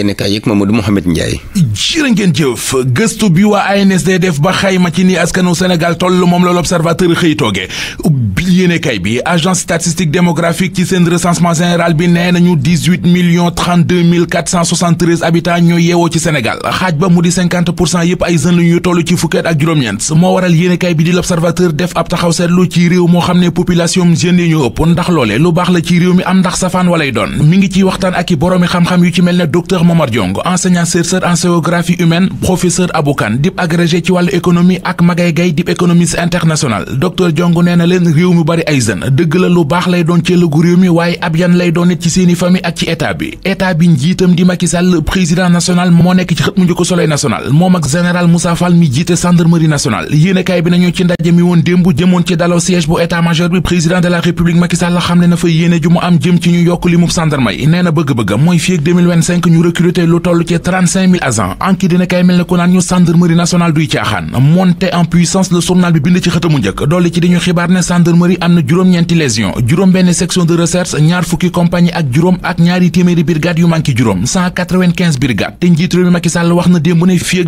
yéen kaay yëg Mamadou Mouhamed Ndiaye jërë ngeen jëf gëstu bi waa ANSD def ba xayma ci nii askanu Sénégal toll moom la l'observateur xëy tooge yéenekaay bi agence statistique démographique ci seen recensement général bi nee nañu 18 millions 32 ñoo yeewoo ci Sénégal xaaj ba mu di 50 pour cent yëpp ay jeunes la ñu toll ci fukkeet ak juróom-ñeent moo waral yéenekaay bi di l'observateur def ab taxaw ci réew moo xam ne population jeune yi ñu ëpp ndax loole lu baax la ci réew mi am ndax safaan walay doon mi ngi ciy waxtaan ak i boroomi xam-xam yu ci mel ne docteur Momar Diong enseignant chercheur en géographie ak Magay Gay dip économiste international yu bari ay jeunes dëgg la lu baax lay doon ci réew mi waaye ab lay doon it ci seeni famille ak ci état bi état bi njiitam di Macky président national moo nekk ci xët mu njëkk soleil national moom ak général Moussa Fall mi jiite gendarmerie nationale yéenekaay bi nañu ci ndaje mi woon démb jëmoon ci daloo siège bu état major bi président de la république Macky xam ne na fa yéene ju am jëm ci ñu yokk li mub gendarme yi nee bëgg-bëgg mooy fii gendarmerie am na juróom-ñeenti légion juróom-benn section de recherche ñaar fukki compagnie ak juróom ak ñaari téeméeri brigade yu manqué juróom 195 te njiit réew mi Macky wax na démb ne fii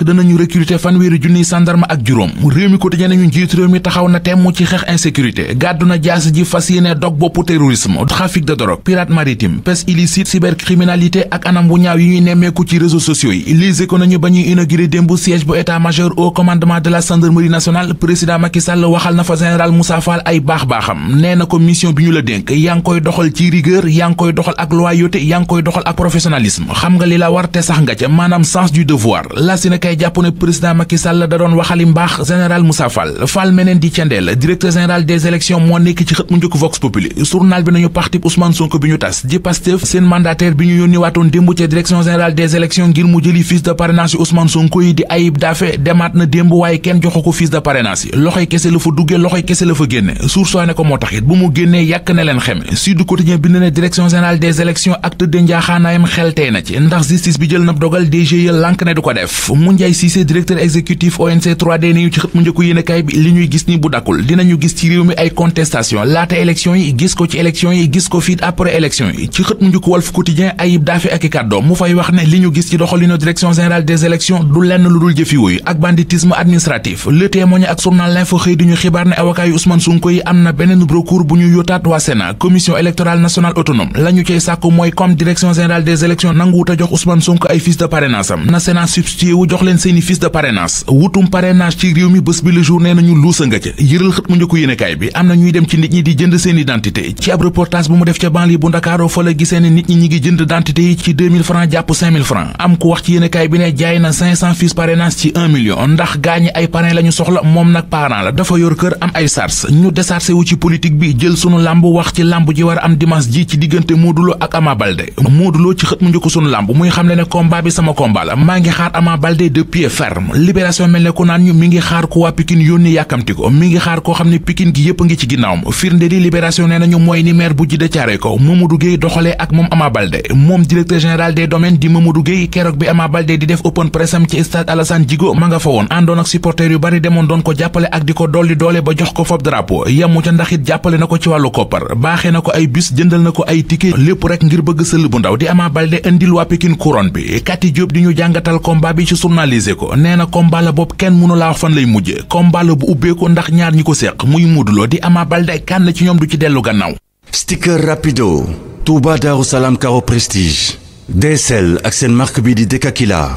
danañu recruter fanweeri junniy gendarme ak juróom réew mi quotidien nañu njiit réew mi taxaw na temm ci xeex insécurité gàddu na jaas ji fas yéene dog boppu terrorisme trafic de drogue pirate maritime pêche illicite cybercriminalité ak anam bu ñaaw yi ñuy nemmeeku ci réseaux sociaux yi lise ko nañu Fall bi ñu da doon waxali yónni waatoon démb ca direction générale des élections ngir mu jëli fiche de parrainage Ousmane Sonko yi di Ayib Daffé demaat na démb waaye kenn joxu ko fiche de parrainage yi kese la fa duggee loxoy kese la fa génn génne sursooy ne ko moo tax it bu mu génnee yàq na leen xem si du bind na direction générale des élections acte de njaaxaanaayam xeltee na ci ndax justice bi jël na dogal DGE lànk ne du ko def Moundiaye Cissé directeur exécutif ONC 3D ni ñu ci xët njëkku yéenekaay bi li ñuy gis ni bu dakkul dinañu gis ci réew mi ay contestation laata élection yi gis ko ci élection yi gis ko fiit après élection yi ci xët mu Sonko yi am na beneen recours bu ñu yotaat waa Sénat commission électorale nationale autonome la ñu cay sàkku mooy comme direction générale des élections nanguwut a jox Ousmane Sonko ay fiches de parrainage am na Sénat substitué jox leen seeni fiches de parrainage wutum parrainage ci réew mi bés bi le nañu luusa nga ca yëral xët mu njëkku yéenekaay bi am na ñuy dem ci nit ñi di jënd seen identité ci ab reportage bu mu def ca banlieue bu Ndakaaroo fa la gisee nit ñi ñi ngi jënd identité yi ci jàpp 5000 am ku wax ci yéenekaay bi ne jaay na 500 fiches ci million ndax gaañi ay parrain lañu soxla moom nag parent ñu déchargé wu ci politique bi jël sunu làmb wax ci làmb ji war a am dimanche ci diggante Modou Lo ak Ama Baldé Modou Lo mu xam ne combat bi sama combat maa ngi xaar Ama Baldé de pied ferme libération mel ne ku naan mi ngi xaar waa Pikine yónni yàkkamti ko mi ngi xaar koo xam ne Pikine gi yépp a ngi ci ginnaawam firnde li libération nee nañu mooy ni maire bu jidda caare ko Mamadou Gueye doxalee ak moom Ama Baldé moom directeur général des domaines di Mamadou Gueye keroog bi Ama Baldé di def open press ci stade Alassane Djigo ma nga fa woon àndoon ak supporters yu bari demoon doon ko jàppale ak di ko dolli doole ba jox ko fob drapeau impôt yemu ca ndax it jàppale na ko ci wàllu koppar baaxee na ko ay bus jëndal na ko ay ticket lépp rek ngir bëgg sëll bu ndaw di Ama Baldé indil waa Pikine couronne bi Kati Diop di ñu jàngatal combat bi ci journaliser ko nee na combat la boobu kenn mënu fan lay mujje combat la bu ubbeeku ndax ñaar ñi ko séq muy Modou di Ama Baldé kànn ci ñoom du ci dellu gannaaw sticker rapido Touba Darou Salam Caro Prestige DSL ak seen marque bi di Dekakila